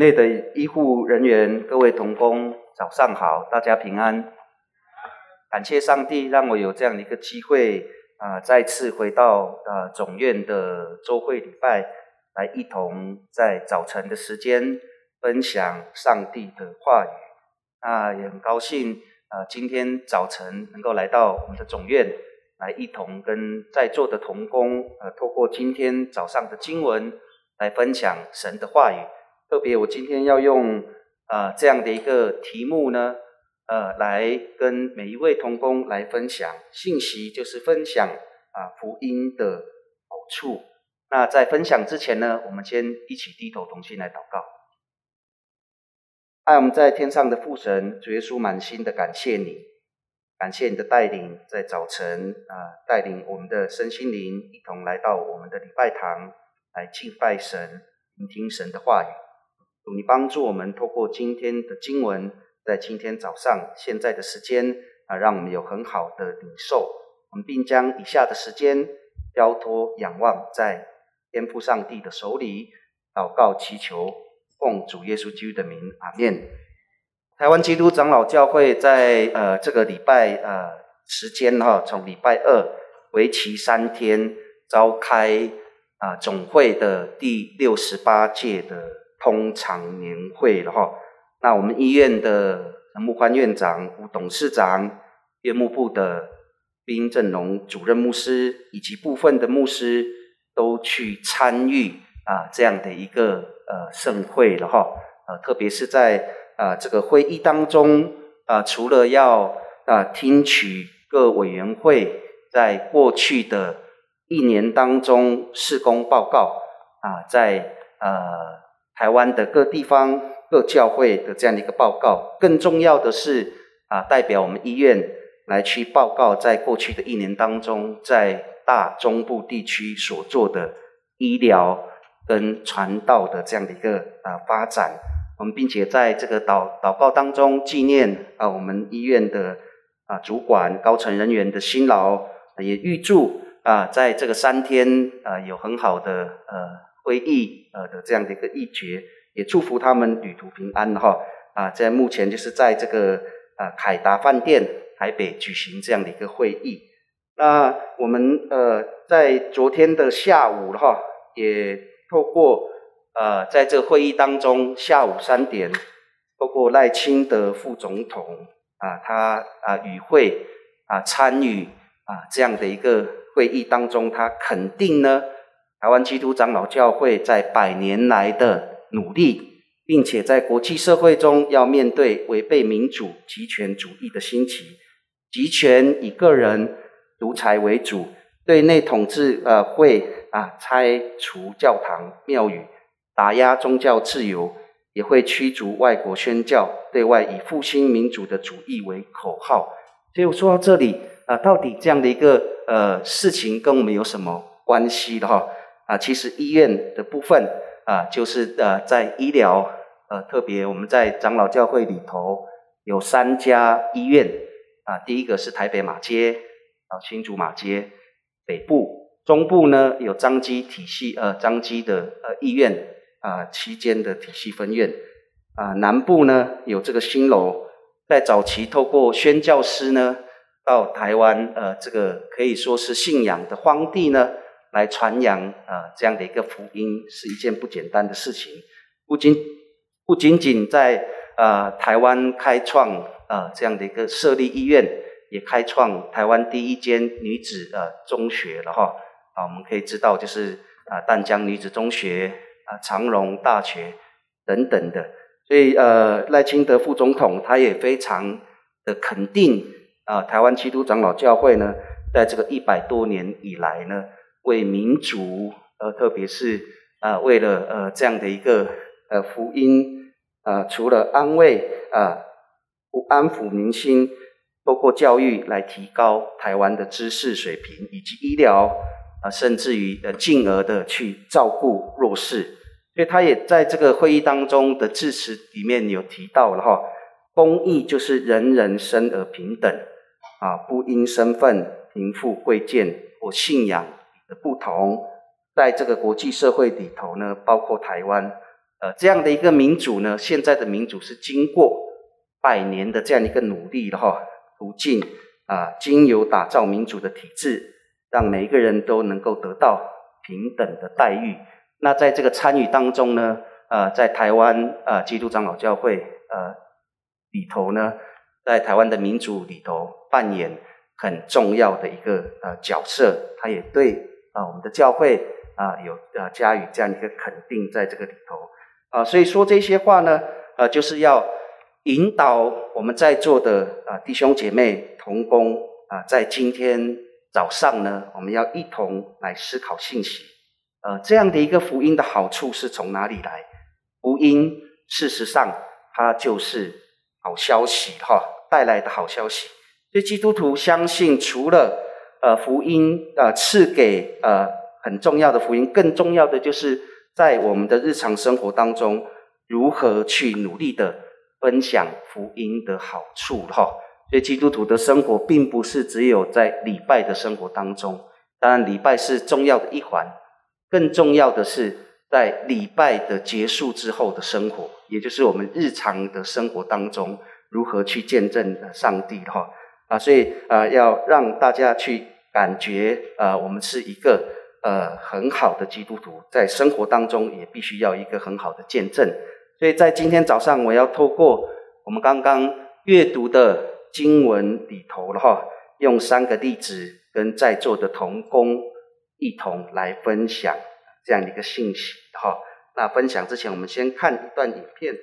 內的醫護人員，各位同工，早上好，大家平安。感謝上帝讓我有這樣一個機會啊、呃，再次回到啊、呃、總院的周會禮拜，來一同在早晨的時間分享上帝的話語。那、呃、也很高興啊、呃，今天早晨能夠來到我們的總院，來一同跟在座的同工，呃，透過今天早上的經文來分享神的話語。特別，我今天要用呃這樣的一個題目呢，呃，來跟每一位同工來分享信息，就是分享啊、呃、福音的好處。那在分享之前呢，我們先一起低頭同心來禱告。愛我們在天上的父神，主耶穌滿心的感謝你，感謝你的帶領，在早晨啊、呃、帶領我們的身心靈一同來到我們的禮拜堂，來敬拜神，聆聽、聽神的話語。你幫助我們，透過今天的經文，在今天早上現在的時間啊，讓我們有很好的領受。我們並將以下的時間，交托仰望在天父上帝的手裡，禱告祈求，奉主耶穌基督的名，阿們。台灣基督長老教會在呃這個禮拜呃時間哈、哦，從禮拜二為期三天召開啊、呃、總會的第六十八屆的。通常年會了哈，那我們醫院的陳木歡院長、吳董事長、院牧部的丁振龍主任牧師以及部分的牧師都去參與啊這樣的一個呃盛會了哈，呃特別是在啊這個會議當中啊，除了要啊聽取各委員會在過去的一年當中事工報告啊，在呃。台灣的各地方、各教會的這樣的一個報告，更重要的是啊、呃，代表我們醫院來去報告，在過去的一年當中，在大中部地區所做的醫療跟傳道的這樣的一個啊、呃、發展，我們並且在這個禱禱告當中紀念啊、呃，我們醫院的啊、呃、主管高層人員的辛勞，呃、也預祝啊、呃，在這個三天啊、呃、有很好的呃。會議呃的這樣的一個議決，也祝福他們旅途平安哈啊，在目前就是在這個啊凱達飯店台北舉行這樣的一個會議。那、啊、我們呃、啊、在昨天的下午哈、啊，也透過呃、啊、在這個會議當中下午三點，包括賴清德副總統啊，他啊與會啊參與啊這樣的一個會議當中，他肯定呢。台灣基督長老教會在百年來的努力，並且在國際社會中要面對違背民主極權主義的興起，極權以個人獨裁為主，對內統治呃會啊拆除教堂廟宇，打壓宗教自由，也會驅逐外國宣教，對外以復興民主的主義為口號。所以我說到這裡，到底這樣的一個呃事情跟我們有什麼關係的哈？啊，其實醫院的部分啊，就是呃，在醫療呃，特別我們在長老教會裡頭有三家醫院啊、呃，第一個是台北馬偕啊，新竹馬偕北部，中部呢有彰基體系呃，彰基的呃醫院啊，其間的體系分院啊、呃，南部呢有這個新樓，在早期透過宣教師呢到台灣呃，這個可以說是信仰的荒地呢。來傳揚啊，這樣的一個福音是一件不簡單的事情。不僅不僅僅在啊台灣開創啊這樣的一個設立醫院，也開創台灣第一間女子啊中學了哈。啊，我們可以知道就是啊淡江女子中學啊長榮大學等等的。所以呃賴清德副總統他也非常的肯定啊台灣基督長老教會呢，在這個一百多年以來呢，為民族，呃，特別是啊、呃，為了呃這樣的一個呃福音啊、呃，除了安慰啊，呃、安撫民心，包括教育來提高台灣的知識水平，以及醫療啊、呃，甚至於呃，進而的去照顧弱勢。所以他也在這個會議當中的致辭裡面有提到了哈，公義就是人人生而平等啊，不因身份、貧富、貴賤或信仰。的不同，在這個國際社會裡頭呢，包括台灣，呃，這樣的一個民主呢，現在的民主是經過百年的這樣一個努力的哈途徑啊，經由打造民主的體制，讓每一個人都能夠得到平等的待遇。那在這個參與當中呢，呃，在台灣呃基督長老教會呃裡頭呢，在台灣的民主裡頭扮演很重要的一個呃角色，他也對。啊，我們的教會啊，有啊加以這樣一個肯定，在這個裡頭啊，所以說這些話呢，呃、啊，就是要引導我們在座的啊弟兄姐妹同工啊，在今天早上呢，我們要一同來思考信息。呃、啊，這樣的一個福音的好處是從哪裡來？福音，事實上，它就是好消息哈、啊，帶來的好消息。所以基督徒相信，除了呃，福音呃賜給呃很重要的福音，更重要的就是在我們的日常生活當中，如何去努力的分享福音的好處哈。所以基督徒的生活並不是只有在禮拜的生活當中，當然禮拜是重要的一環，更重要的是在禮拜的結束之後的生活，也就是我們日常的生活當中，如何去見證上帝哈。啊，所以啊，要讓大家去感覺啊，我們是一個呃很好的基督徒，在生活當中也必須要一個很好的見證。所以在今天早上，我要透過我們剛剛閱讀的經文裡頭了哈，用三個例子跟在座的同工一同來分享這樣一個信息哈。那分享之前，我們先看一段影片。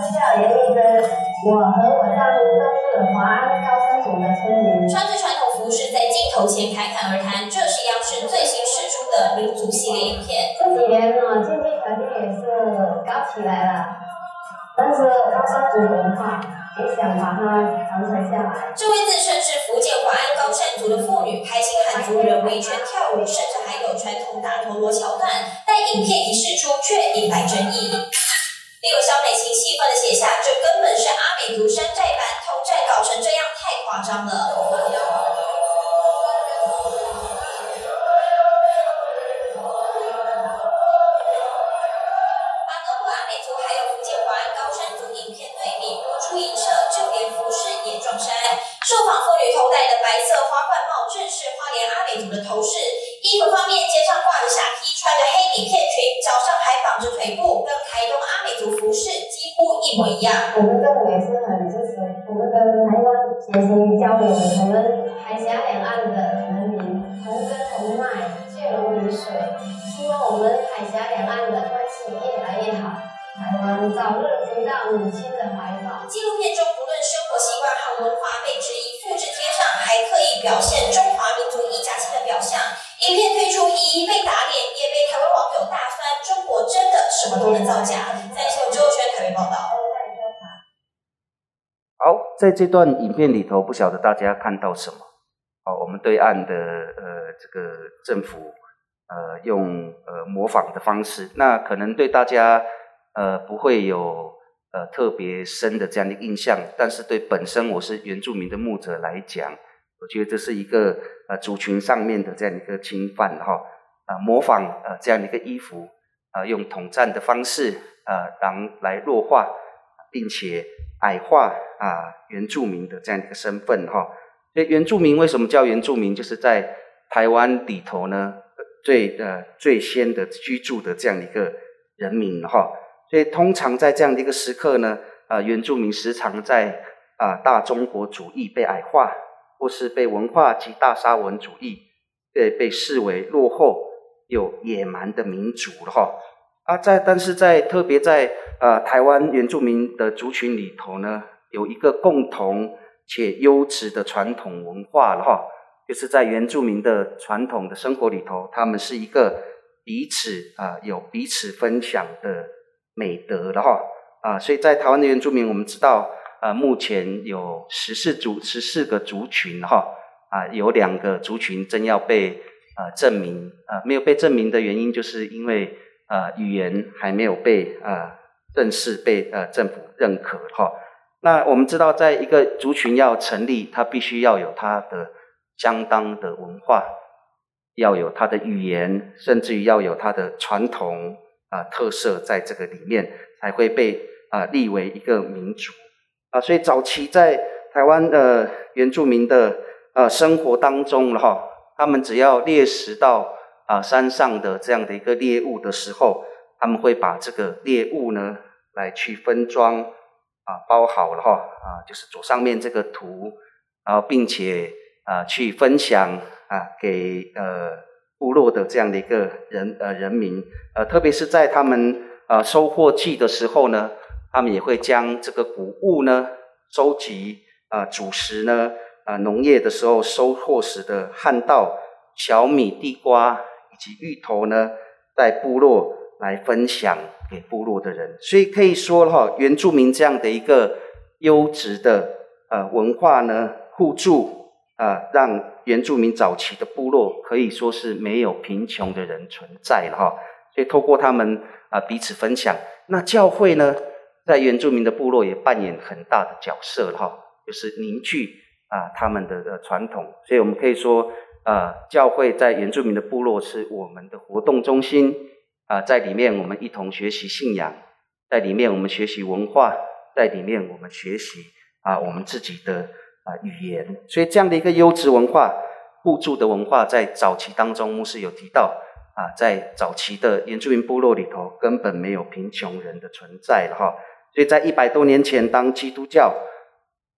我叫嚴麗珍，我和我丈夫都是華安高山族的村民。穿着傳統服飾在鏡頭前侃侃而談，這是央視最新釋出的民族系列影片。這幾年呢，經濟條件也是高起來了，但是高山族文化，也想把它傳承下來。這位自稱是福建華安高山族的婦女，開心漢族人圍圈跳舞，甚至還有傳統打陀螺橋段，但影片一釋出，卻引來爭議。另有肖美琴戲謔地寫下：“這根本是阿美族山寨版，同寨搞成這樣太誇張了。”馬東布阿美族還有福建華安高山族影片對比，多出銀色，就連服飾也撞衫。受訪婦女頭戴的白色花冠帽，正是花蓮阿美族的頭飾。衣服方面。呀、yeah.，我們的也是很支持，我們的台灣學生教我們，同同，我們海峽兩岸的人民同根同脈，血濃於水。希望我們海峽兩岸的關係越來越好，台灣早日回到母親的懷抱。紀錄片中，不論生活習慣和文化被質疑、複製、貼上，還刻意表現中華民族一家親的表象。影片推出，一一被打臉，也被台灣網友大翻，中國真的什麼都能造假。Yeah. 在這段影片裡頭，不曉得大家看到什麼？哦，我們對岸的呃，這個政府呃，用呃模仿的方式，那可能對大家呃不會有呃特別深的這樣的印象，但是對本身我是原住民的牧者來講，我覺得這是一個呃族群上面的這樣的一個侵犯哈，啊、哦、模仿呃這樣的一個衣服，啊、呃、用統戰的方式啊來、呃、來弱化，並且。矮化啊，原住民的這樣一個身份哈，所以原住民為什麼叫原住民？就是在台灣裡頭呢，最呃最先的居住的這樣一個人民哈，所以通常在這樣的一個時刻呢，啊原住民時常在啊大中國主義被矮化，或是被文化及大沙文主義被被視為落後有野蠻的民族了哈。啊，在，但是在特別在呃台灣原住民的族群裡頭呢，有一個共同且優質的傳統文化了哈，就是在原住民的傳統的生活裡頭，他們是一個彼此啊、呃、有彼此分享的美德的哈啊，所以在台灣的原住民，我們知道啊、呃，目前有十四族十四個族群哈啊、呃，有兩個族群正要被啊、呃、證明啊、呃，沒有被證明的原因就是因為。呃，語言還沒有被呃正式被呃政府認可哈。那我們知道，在一個族群要成立，它必須要有它的相當的文化，要有它的語言，甚至於要有它的傳統啊特色，在這個裡面才會被啊立為一個民族啊。所以早期在台灣的原住民的啊生活當中了哈，他們只要獵食到。啊，山上的這樣的一個獵物的時候，他們會把這個獵物呢來去分裝啊，包好了哈啊，就是左上面這個圖，然後、啊、並且啊去分享啊給呃部落的這樣的一個人呃人民，呃、啊、特別是在他們呃、啊、收穫季的時候呢，他們也會將這個穀物呢收集啊主食呢啊農業的時候收穫時的旱稻、小米、地瓜。以及芋頭呢，在部落來分享給部落的人，所以可以說哈，原住民這樣的一個優質的呃文化呢，互助啊，讓原住民早期的部落可以說是沒有貧窮的人存在了哈。所以透過他們啊彼此分享，那教會呢，在原住民的部落也扮演很大的角色哈，就是凝聚啊他們的的傳統，所以我們可以說。啊，教會在原住民的部落是我們的活動中心啊，在裡面我們一同學習信仰，在裡面我們學習文化，在裡面我們學習啊，我們自己的啊語言。所以這樣的一個優質文化、互助的文化，在早期當中，牧師有提到啊，在早期的原住民部落裡頭，根本沒有貧窮人的存在了哈。所以在一百多年前，當基督教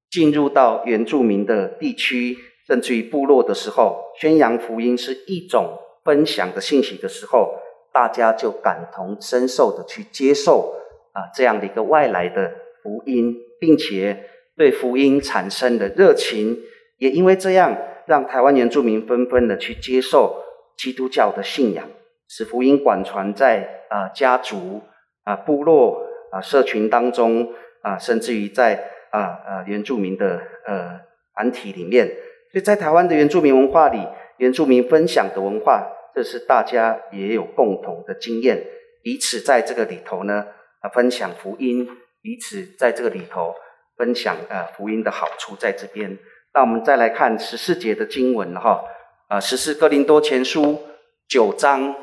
進入到原住民的地區。甚至於部落的時候，宣揚福音是一種分享的信息的時候，大家就感同身受的去接受啊這樣的一個外來的福音，並且對福音產生的熱情，也因為這樣，讓台灣原住民紛紛的去接受基督教的信仰，使福音廣傳在啊、呃、家族啊部落啊、社群當中啊，甚至於在啊啊、呃、原住民的呃團體裡面。所以在台灣的原住民文化裡，原住民分享的文化，這是大家也有共同的經驗，彼此在這個裡頭呢，啊，分享福音，彼此在這個裡頭分享呃福音的好處在這邊。那我們再來看十四節的經文哈，啊，十四哥林多前書九章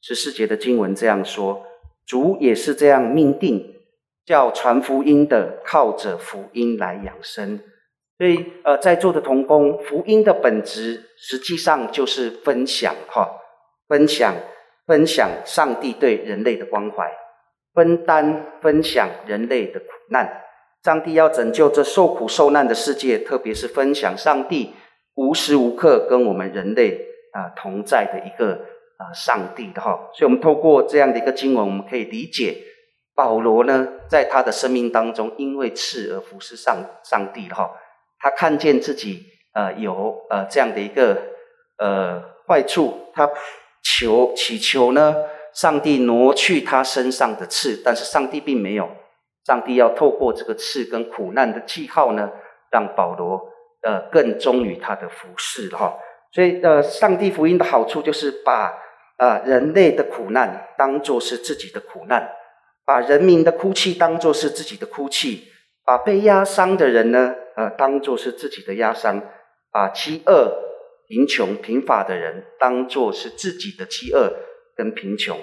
十四節的經文這樣說：主也是這樣命定，叫傳福音的靠着福音來養生。所以，呃，在座的同工，福音的本質實際上就是分享哈、哦，分享分享上帝對人類的關懷，分擔分享人類的苦難。上帝要拯救這受苦受難的世界，特別是分享上帝無時無刻跟我們人類啊同在的一個啊上帝的哈、哦。所以，我們透過這樣的一個經文，我們可以理解保羅呢，在他的生命當中，因為赤而服侍，上上帝的哈。哦他看見自己呃有呃這樣的一個呃壞處，他求祈求呢，上帝挪去他身上的刺，但是上帝並沒有，上帝要透過這個刺跟苦難的記號呢，讓保羅呃更忠於他的服侍了哈。所以呃，上帝福音的好處就是把啊、呃、人類的苦難當做是自己的苦難，把人民的哭泣當做是自己的哭泣。把被壓傷的人呢，呃，當做是自己的壓傷；把飢餓、貧窮、貧乏的人，當做是自己的飢餓跟貧窮。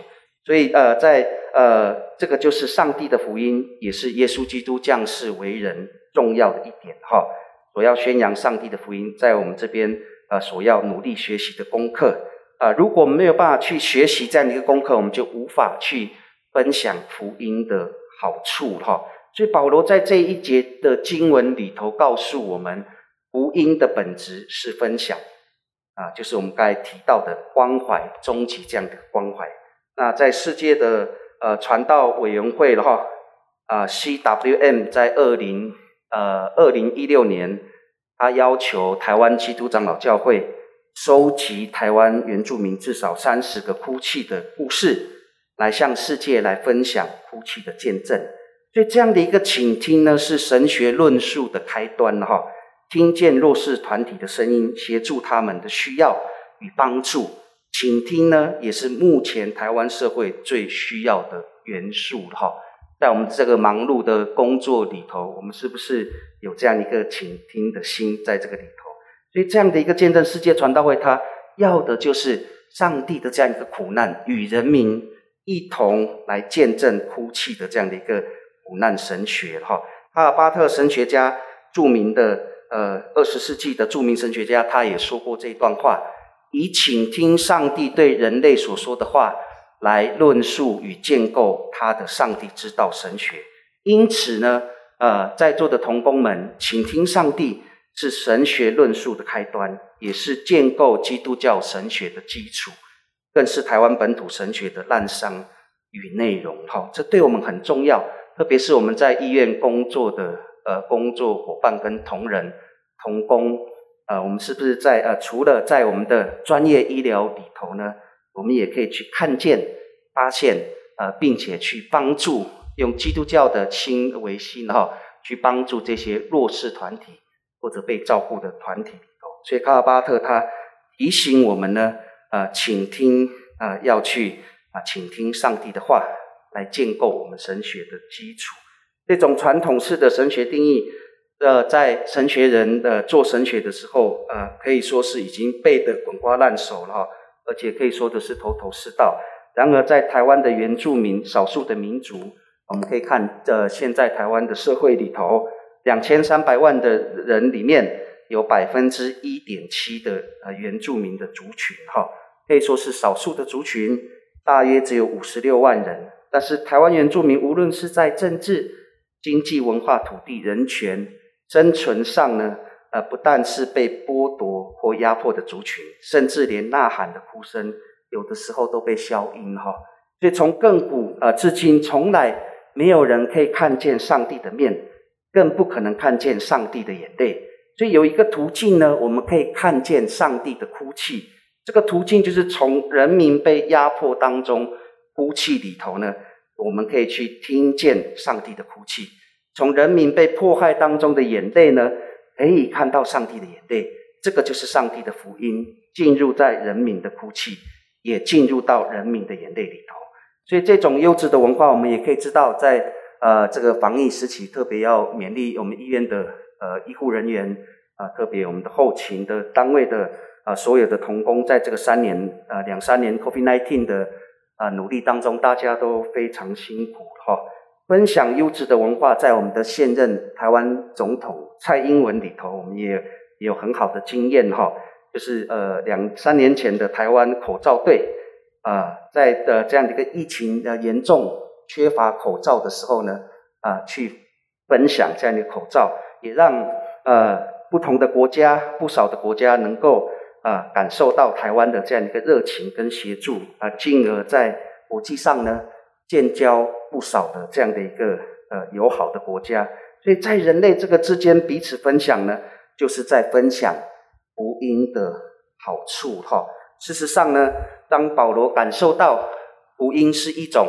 所以，呃，在呃，這個就是上帝的福音，也是耶穌基督降世為人重要的一點哈。我、哦、要宣揚上帝的福音，在我們這邊呃所要努力學習的功課啊、呃，如果沒有辦法去學習這樣的一個功課，我們就無法去分享福音的好處哈。哦所以保羅在這一節的經文裡頭告訴我們，福音的本質是分享，啊，就是我們該提到的關懷，終極這樣的關懷。那在世界的呃傳道委員會的話啊，呃，CWM 在二零呃二零一六年，他要求台灣基督長老教會收集台灣原住民至少三十個哭泣的故事，來向世界來分享哭泣的見證。所以這樣的一個傾聽呢，是神學論述的開端了哈。聽見弱勢團體的聲音，協助他們的需要與幫助，傾聽呢，也是目前台灣社會最需要的元素哈。在我們這個忙碌的工作裡頭，我們是不是有這樣一個傾聽的心在這個裡頭？所以這樣的一個見證，世界傳道會他要的就是上帝的這樣一個苦難與人民一同來見證哭泣的這樣的一個。苦難神學，哈，阿爾巴特神學家著名的呃，二十世紀的著名神學家，他也說過這段話：以傾聽上帝對人類所說的話來論述與建構他的上帝之道神學。因此呢，呃，在座的同工們，傾聽上帝是神學論述的開端，也是建構基督教神學的基礎，更是台灣本土神學的濫觴與內容。哈、哦，這對我們很重要。特別是我們在醫院工作的呃工作夥伴跟同仁同工，呃，我們是不是在呃除了在我們的專業醫療裡頭呢？我們也可以去看見、發現，呃，並且去幫助，用基督教的心為心然後去幫助這些弱勢團體或者被照顧的團體裡頭。所以，卡爾巴特他提醒我們呢，呃，請聽，呃，要去啊，請聽上帝的話，來建構我們神學的基礎，這種傳統式的神學定義，呃，在神學人的做神學的時候，呃，可以說是已經背得滾瓜爛熟了哈，而且可以說的是頭頭是道。然而，在台灣的原住民少數的民族，我們可以看，呃，現在台灣的社會裡頭，兩千三百萬的人裡面有百分之一點七的呃原住民的族群，哈，可以說是少數的族群，大約只有五十六萬人。但是台灣原住民無論是在政治、經濟、文化、土地、人權、生存上呢，呃，不但是被剝奪或壓迫的族群，甚至連吶喊的哭聲，有的時候都被消音哈。所以從亙古呃至今，從來沒有人可以看見上帝的面，更不可能看見上帝的眼淚。所以有一個途徑呢，我們可以看見上帝的哭泣。這個途徑就是從人民被壓迫當中。哭泣裡頭呢，我們可以去聽見上帝的哭泣。從人民被迫害當中的眼淚呢，可以看到上帝的眼淚。這個就是上帝的福音進入在人民的哭泣，也進入到人民的眼淚裡頭。所以，這種優質的文化，我們也可以知道，在呃這個防疫時期，特別要勉勵我們醫院的呃醫護人員啊，呃，特別我們的後勤的單位的呃所有的同工，在這個三年呃，兩三年 COVID-19 的。啊，努力當中大家都非常辛苦哈。分享優質的文化，在我們的現任台灣總統蔡英文裡頭，我們也有很好的經驗哈。就是呃兩三年前的台灣口罩隊，啊，在的這樣的一個疫情的嚴重缺乏口罩的時候呢，啊，去分享這樣的口罩，也讓呃不同的國家不少的國家能夠。啊，感受到台灣的這樣一個熱情跟協助啊，進而在國際上呢，建交不少的這樣的一個呃友好的國家。所以在人類這個之間彼此分享呢，就是在分享福音的好處哈。事實上呢，當保羅感受到福音是一種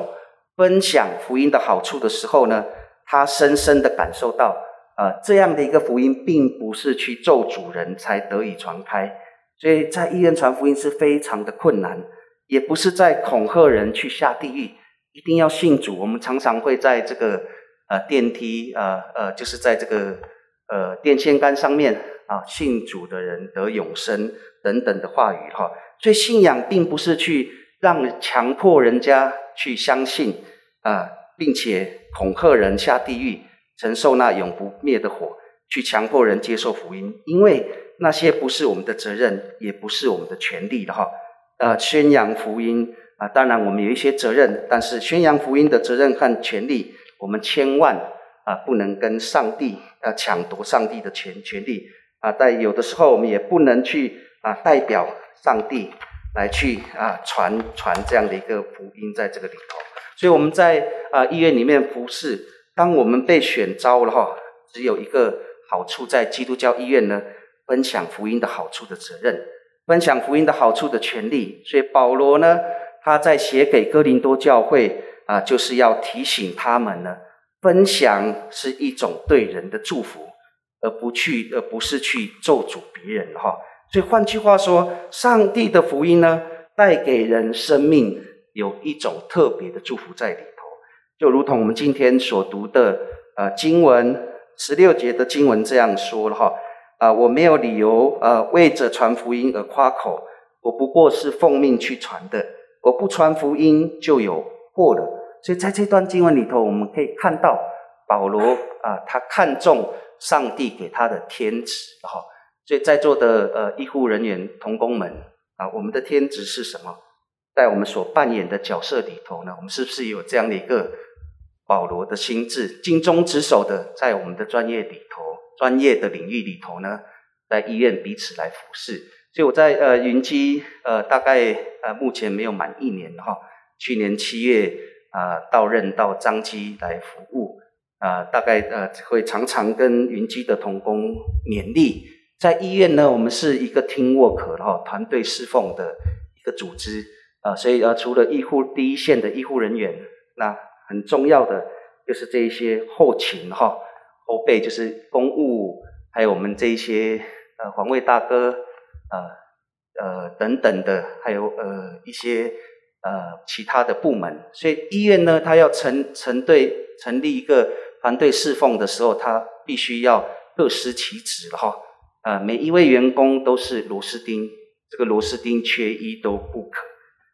分享福音的好處的時候呢，他深深地感受到，呃，這樣的一個福音並不是去咒詛，人才得以傳開。所以在醫院傳福音是非常的困難，也不是在恐嚇人去下地獄，一定要信主。我們常常會在這個呃電梯呃呃，就是在這個呃電線桿上面啊，信主的人得永生等等的話語哈、啊。所以信仰並不是去讓強迫人家去相信啊，並且恐嚇人下地獄，承受那永不滅的火，去強迫人接受福音，因為。那些不是我們的責任，也不是我們的權利的哈。呃，宣揚福音啊、呃，當然我們有一些責任，但是宣揚福音的責任和權利，我們千萬啊、呃、不能跟上帝呃搶奪上帝的權權利啊、呃。但有的時候我們也不能去啊、呃、代表上帝來去啊、呃、傳傳這樣的一個福音在這個裡頭。所以我們在啊、呃、醫院裡面服侍，當我們被選召了哈，只有一個好處在基督教醫院呢。分享福音的好處的責任，分享福音的好處的權利。所以保羅呢，他在寫給哥林多教會啊，呃，就是要提醒他們呢，分享是一種對人的祝福，而不去，而不是去咒詛別人哈。所以換句話說，上帝的福音呢，帶給人生命有一種特別的祝福在裡頭，就如同我們今天所讀的呃經文十六節的經文這樣說了哈。啊，我沒有理由，呃，為着傳福音而誇口。我不過是奉命去傳的。我不傳福音就有禍了。所以在這段經文裡頭，我們可以看到保羅啊，他看重上帝給他的天職。哈，所以在座的呃醫護人員同工們啊，我們的天職是什麼？在我們所扮演的角色裡頭呢，我們是不是有這樣的一個保羅的心志，盡忠職守的在我們的專業裡頭？專業的領域裡頭呢，在醫院彼此來服侍，所以我在呃雲基呃大概呃目前沒有滿一年哈、哦，去年七月呃到任到彰基來服務，呃大概呃會常常跟雲基的同工勉勵。在醫院呢，我們是一個 teamwork 團隊侍奉的一個組織，呃所以呃除了醫護第一線的醫護人員，那很重要的就是這一些後勤哈。哦後備就是公務，還有我們這一些呃環衛大哥，呃呃等等的，還有呃一些呃其他的部門。所以醫院呢，它要成成隊成立一個團隊侍奉的時候，它必須要各司其職了哈、哦。呃，每一位員工都是螺絲釘，這個螺絲釘缺一都不可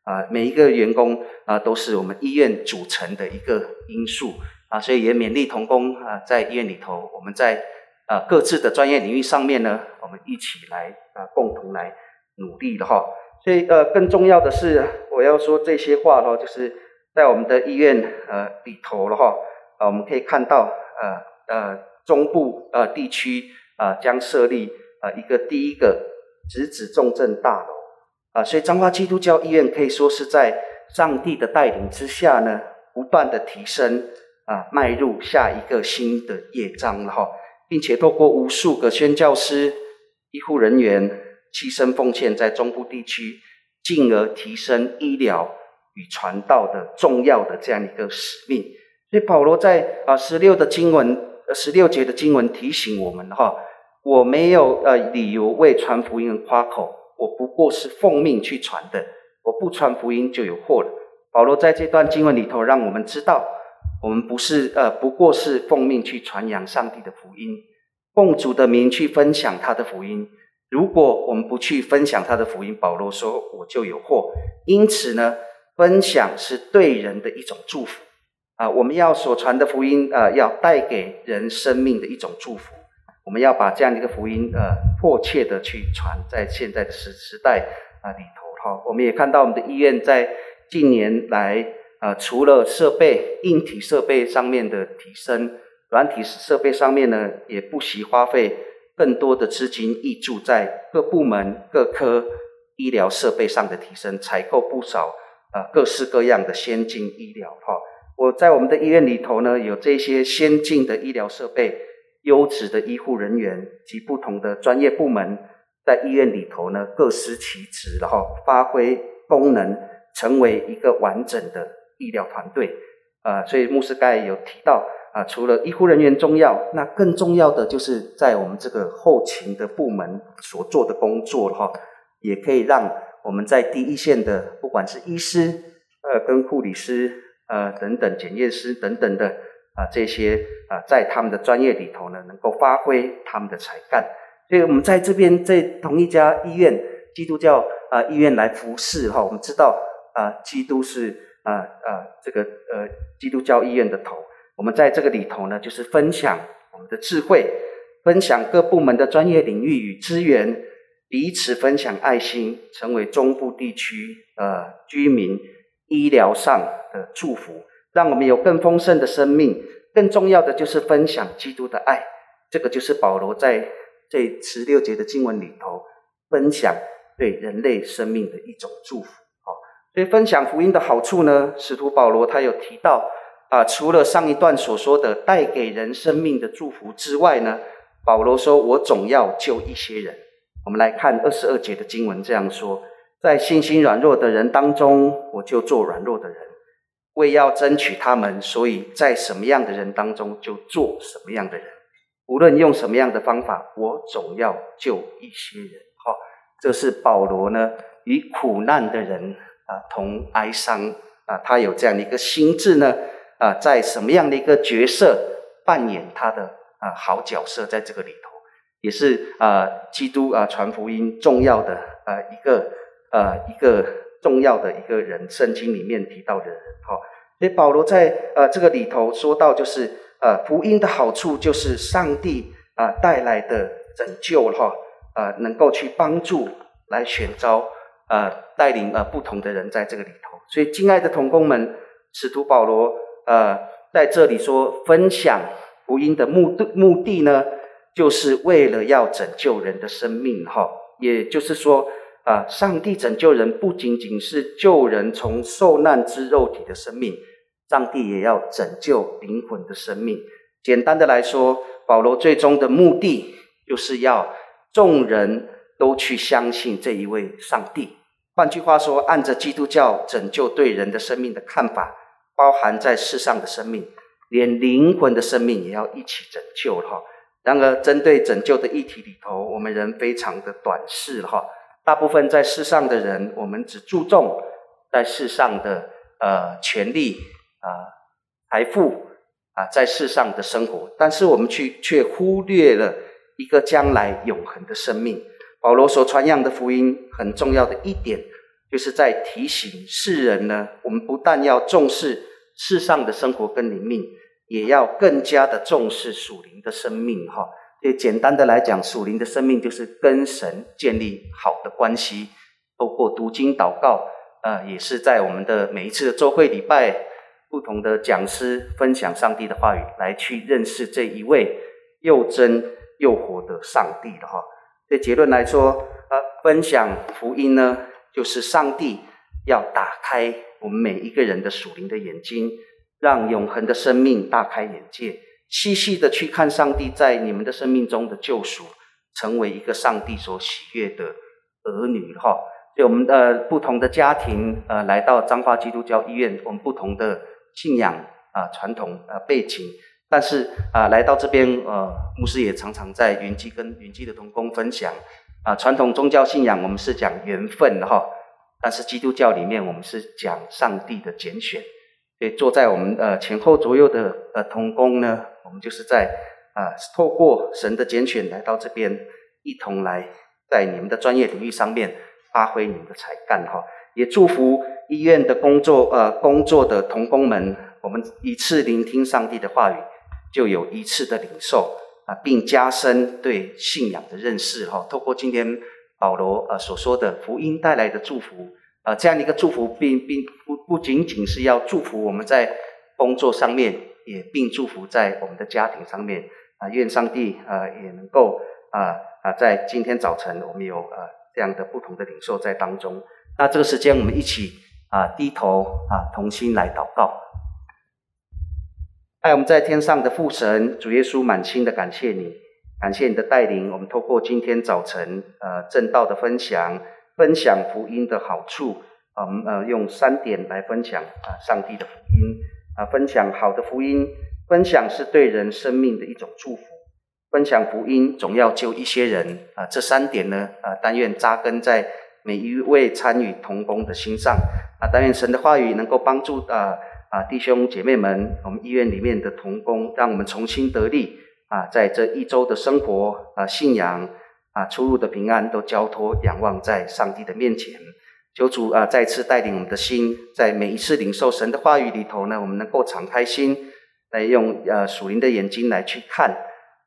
啊、呃。每一個員工啊、呃，都是我們醫院組成的一個因素。啊，所以也勉勵同工啊，在醫院裡頭，我們在啊各自的專業領域上面呢，我們一起來啊，共同來努力了哈。所以呃、啊，更重要的是，我要說這些話咯，就是在我們的醫院呃、啊、裡頭了哈啊，我們可以看到呃呃、啊啊、中部呃、啊、地區啊將設立呃一個第一個直指重症大樓啊，所以彰化基督教醫院可以說是在上帝的帶領之下呢，不斷的提升。啊，邁入下一個新的樂章了哈，並且透過無數個宣教師、醫護人員，犧牲奉獻在中部地區，進而提升醫療與傳道的重要的這樣一個使命。所以，保羅在啊十六的經文，十六節的經文提醒我們哈，我沒有呃理由為傳福音誇口，我不過是奉命去傳的，我不傳福音就有禍了。保羅在這段經文裡頭，讓我們知道。我們不是呃，不過是奉命去傳揚上帝的福音，奉主的名去分享他的福音。如果我們不去分享他的福音，保羅說我就有禍。因此呢，分享是對人的一種祝福啊！我們要所傳的福音呃、啊，要帶給人生命的一種祝福。我們要把這樣的一個福音呃、啊，迫切的去傳在現在的時時代啊裡頭哈。我們也看到我們的醫院在近年來。呃，除了設備硬體設備上面的提升，軟體設備上面呢，也不惜花費更多的資金挹注在各部門、各科醫療設備上的提升，採購不少呃，各式各樣的先進醫療哈、哦。我在我們的醫院裡頭呢，有這些先進的醫療設備，優質的醫護人員及不同的專業部門，在醫院裡頭呢，各司其職，然後發揮功能，成為一個完整的。醫療團隊啊，所以牧師剛才有提到啊、呃，除了醫護人員重要，那更重要的就是在我們這個後勤的部門所做的工作，哈、哦，也可以讓我們在第一線的不管是醫師、呃，跟護理師、呃，等等、檢驗師等等的啊、呃，這些啊、呃，在他們的專業裡頭呢，能夠發揮他們的才幹。所以我們在這邊在同一家醫院，基督教啊、呃、醫院來服侍哈、哦，我們知道啊、呃，基督是。呃呃，這個呃，基督教醫院的頭，我們在這個裡頭呢，就是分享我們的智慧，分享各部門的專業領域與資源，彼此分享愛心，成為中部地區呃居民醫療上的祝福，讓我們有更豐盛的生命。更重要的就是分享基督的愛，這個就是保羅在這十六節的經文裡頭分享對人類生命的一種祝福。對分享福音的好處呢？使徒保羅他有提到啊、呃，除了上一段所說的帶給人生命的祝福之外呢，保羅說：“我總要救一些人。”我們來看二十二節的經文這樣說：“在信心軟弱的人當中，我就做軟弱的人；為要爭取他們，所以在什麼樣的人當中就做什麼樣的人。無論用什麼樣的方法，我總要救一些人。”哦，哈，這是保羅呢，與苦難的人。啊，同哀傷啊，他有這樣的一個心智呢，啊，在什麼樣的一個角色扮演他的啊好角色，在這個裡頭，也是啊，基督啊傳福音重要的呃一個呃一個重要的一個人聖經裡面提到的人哈。所以保羅在呃這個裡頭說到，就是呃福音的好處就是上帝啊帶來的拯救哈，呃能夠去幫助來選召啊。帶領呃不同的人在這個裡頭，所以敬愛的同工們，使徒保羅呃在這裡說，分享福音的目的目的呢，就是為了要拯救人的生命哈，也就是說啊、呃，上帝拯救人不僅僅是救人從受難之肉體的生命，上帝也要拯救靈魂的生命。簡單的來說，保羅最終的目的就是要眾人都去相信這一位上帝。換句話說，按着基督教拯救對人的生命的看法，包含在世上的生命，連靈魂的生命也要一起拯救了哈。然而，針對拯救的議題裡頭，我們人非常的短視了哈。大部分在世上的人，我們只注重在世上的呃權利啊、呃、財富啊、呃，在世上的生活，但是我們去卻忽略了一個將來永恆的生命。保羅所傳揚的福音很重要的一點，就是在提醒世人呢，我們不但要重視世上的生活跟靈命，也要更加的重視屬靈的生命。哈，就簡單的來講，屬靈的生命就是跟神建立好的關係，包括讀經禱告，呃，也是在我們的每一次的週會禮拜，不同的講師分享上帝的話語，來去認識這一位又真又活的上帝的哈。這結論來說，呃，分享福音呢，就是上帝要打開我們每一個人的屬靈的眼睛，讓永恆的生命大開眼界，細細的去看上帝在你們的生命中的救贖，成為一個上帝所喜悅的兒女哈。對我們的不同的家庭，呃，來到彰化基督教醫院，我們不同的信仰啊、呃、傳統啊、呃、背景，但是啊，來到這邊，呃，牧師也常常在雲基跟雲基的同工分享啊。傳統宗教信仰我們是講緣分哈、哦，但是基督教裡面我們是講上帝的揀選。所以坐在我們呃前後左右的呃同工呢，我們就是在啊、呃，透過神的揀選來到這邊，一同來在你們的專業領域上面發揮你們的才幹哈、哦，也祝福醫院的工作呃工作的同工們，我們一次聆聽上帝的話語。就有一次的領受啊，並加深對信仰的認識哈。透過今天保羅啊所說的福音帶來的祝福啊，這樣的一個祝福，並並不不僅僅是要祝福我們在工作上面，也並祝福在我們的家庭上面啊。願上帝啊也能夠啊啊，在今天早晨我們有啊這樣的不同的領受在當中。那這個時間我們一起啊低頭啊同心來禱告。愛我們在天上的父神，主耶穌滿心的感謝你，感謝你的帶領。我們透過今天早晨，呃，正道的分享，分享福音的好處。我們呃，用三點來分享啊、呃，上帝的福音啊、呃，分享好的福音。分享是對人生命的一種祝福。分享福音總要救一些人啊、呃。這三點呢，啊、呃，但願扎根在每一位參與同工的心上啊、呃，但願神的話語能夠幫助啊。呃啊，弟兄姐妹們，我們醫院裡面的同工，讓我們重新得力啊！在這一周的生活啊，信仰啊，出入的平安都交托仰望在上帝的面前，求主啊，再次帶領我們的心，在每一次領受神的話語裡頭呢，我們能夠敞開心，來用呃、啊、屬靈的眼睛來去看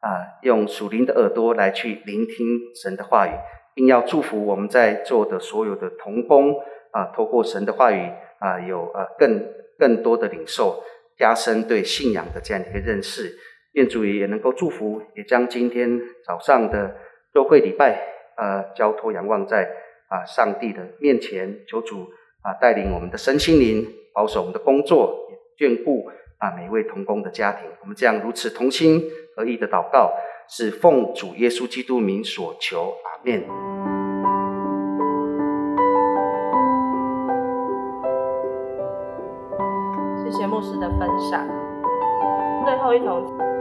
啊，用屬靈的耳朵來去聆聽神的話語，並要祝福我們在座的所有的同工啊，透過神的話語啊，有呃、啊、更。更多的領受，加深對信仰的這樣一個認識，願主也能夠祝福，也將今天早上的週會禮拜，呃，交託仰望在啊上帝的面前，求主啊帶領我們的身心靈，保守我們的工作，眷顧啊每位同工的家庭。我們這樣如此同心合意的禱告，是奉主耶穌基督名所求，阿們。牧師的分享，最後一種。